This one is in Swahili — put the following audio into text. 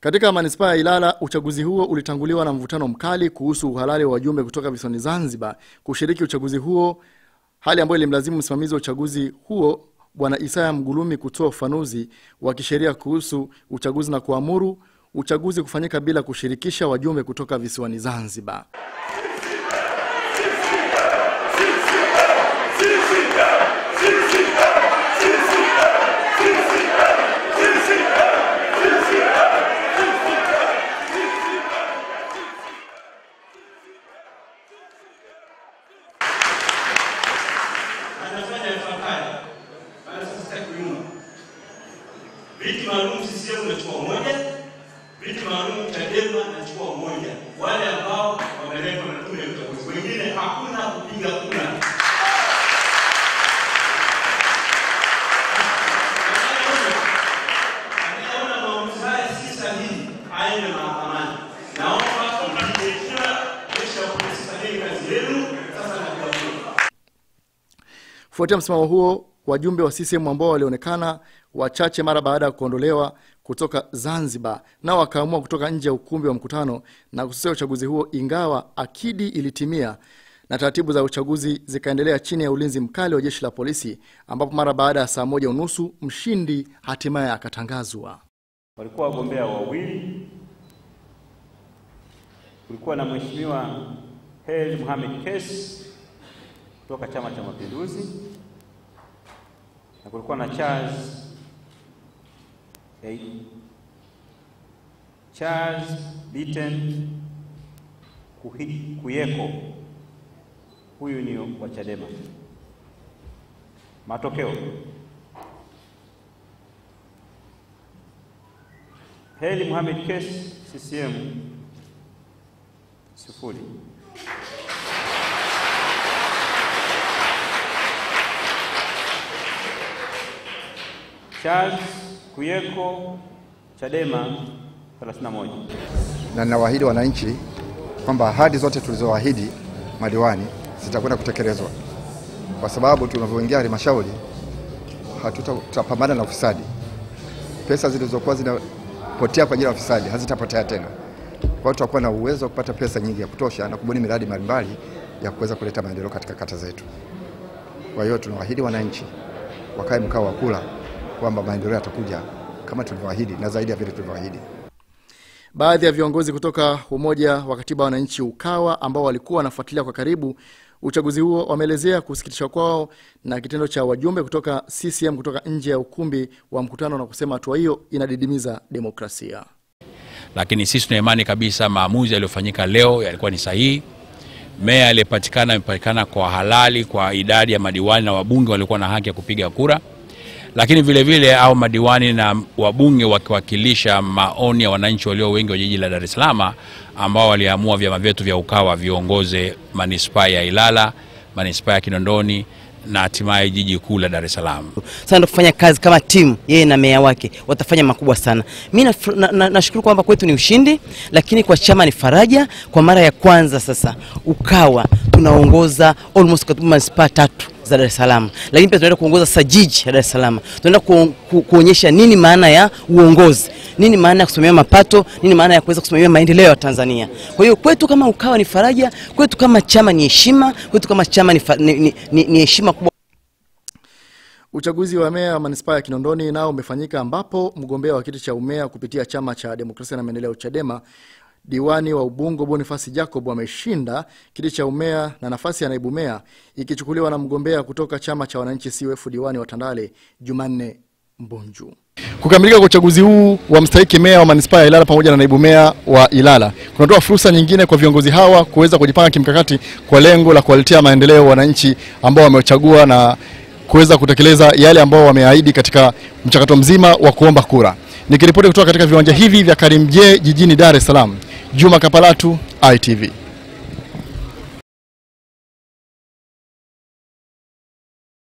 Katika manispaa ya Ilala, uchaguzi huo ulitanguliwa na mvutano mkali kuhusu uhalali wa wajumbe kutoka visiwani Zanzibar kushiriki uchaguzi huo, hali ambayo ilimlazimu msimamizi wa uchaguzi huo Bwana Isaya Mgulumi kutoa ufanuzi wa kisheria kuhusu uchaguzi na kuamuru uchaguzi kufanyika bila kushirikisha wajumbe kutoka visiwani Zanzibar. viti maalum CCM inachukua moja, viti maalum Chadema inachukua moja, wale ambao wameletwa na tume ya uchaguzi, wengine hakuna kupiga kura. Fuatia msimamo huo wajumbe wa CCM ambao walionekana wachache mara baada ya kuondolewa kutoka Zanzibar, nao wakaamua kutoka nje ya ukumbi wa mkutano na kususia uchaguzi huo, ingawa akidi ilitimia na taratibu za uchaguzi zikaendelea chini ya ulinzi mkali wa jeshi la polisi, ambapo mara baada ya saa moja unusu mshindi hatimaye akatangazwa. Walikuwa wagombea wawili, kulikuwa na Mheshimiwa Heri muhamed Kesi kutoka Chama cha Mapinduzi na kulikuwa na Charles hey, Charles Bitten Kuyeko, huyu ni wa Chadema. Matokeo: Heli Mohamed Kesi CCM sifuri. Charles Kuyeko, Chadema 31. Na ninawaahidi wananchi kwamba ahadi zote tulizoahidi madiwani zitakwenda kutekelezwa, kwa sababu tunavyoingia halmashauri hatutapambana na ufisadi. Pesa zilizokuwa zinapotea kwa ajili ya ufisadi hazitapotea tena. Kwa hiyo tutakuwa na uwezo wa kupata pesa nyingi ya kutosha na kubuni miradi mbalimbali ya kuweza kuleta maendeleo katika kata zetu. Kwa hiyo tunawaahidi wananchi wakae mkao wa kula kwamba maendeleo yatakuja kama tulivyoahidi na zaidi ya vile tulivyoahidi. Baadhi ya viongozi kutoka Umoja wa Katiba Wananchi UKAWA ambao walikuwa wanafuatilia kwa karibu uchaguzi huo wameelezea kusikitishwa kwao na kitendo cha wajumbe kutoka CCM kutoka nje ya ukumbi wa mkutano na kusema hatua hiyo inadidimiza demokrasia. Lakini sisi tuna imani kabisa maamuzi yaliyofanyika leo yalikuwa ni sahihi. mea aliyepatikana amepatikana kwa halali kwa idadi ya madiwani na wabunge waliokuwa na haki ya kupiga kura lakini vilevile vile, au madiwani na wabunge wakiwakilisha maoni ya wananchi walio wengi wa jiji la Dar es Salaam ambao waliamua vyama vyetu vya UKAWA viongoze manispaa ya Ilala, manispaa ya Kinondoni na hatimaye jiji kuu la Dar es Salaam. Sasa kufanya kazi kama timu, yeye na meya wake watafanya makubwa sana. Mimi nashukuru kwamba kwetu ni ushindi, lakini kwa chama ni faraja. Kwa mara ya kwanza sasa UKAWA tunaongoza almost manispaa tatu za Dar es Salaam, lakini pia tunaenda kuongoza sajiji ya Dar es Salaam. Tunaenda ku, ku, kuonyesha nini maana ya uongozi, nini maana ya kusimamia mapato, nini maana ya kuweza kusimamia maendeleo ya Tanzania. Kwa hiyo kwetu kama Ukawa ni faraja, kwetu kama chama ni heshima, kwetu kama chama ni, ni, ni, ni heshima kubwa. Uchaguzi wa meya wa manispaa ya Kinondoni nao umefanyika ambapo mgombea wa kiti cha umeya kupitia chama cha demokrasia na maendeleo Chadema diwani wa Ubungo Bonifasi Jacob ameshinda kiti cha umea na nafasi ya naibu mea ikichukuliwa na mgombea kutoka chama cha wananchi CUF diwani wa Tandale Jumanne Mbunju. Kukamilika kwa uchaguzi huu wa mstahiki mea wa manispaa ya Ilala pamoja na naibu mea wa Ilala kunatoa fursa nyingine kwa viongozi hawa kuweza kujipanga kimkakati kwa lengo la kuwaletea maendeleo wananchi ambao wamechagua na kuweza kutekeleza yale ambao wameahidi katika mchakato mzima wa kuomba kura. Nikiripoti kutoka katika viwanja hivi vya Karimjee jijini Dar es Salaam. Juma Kapalatu, ITV.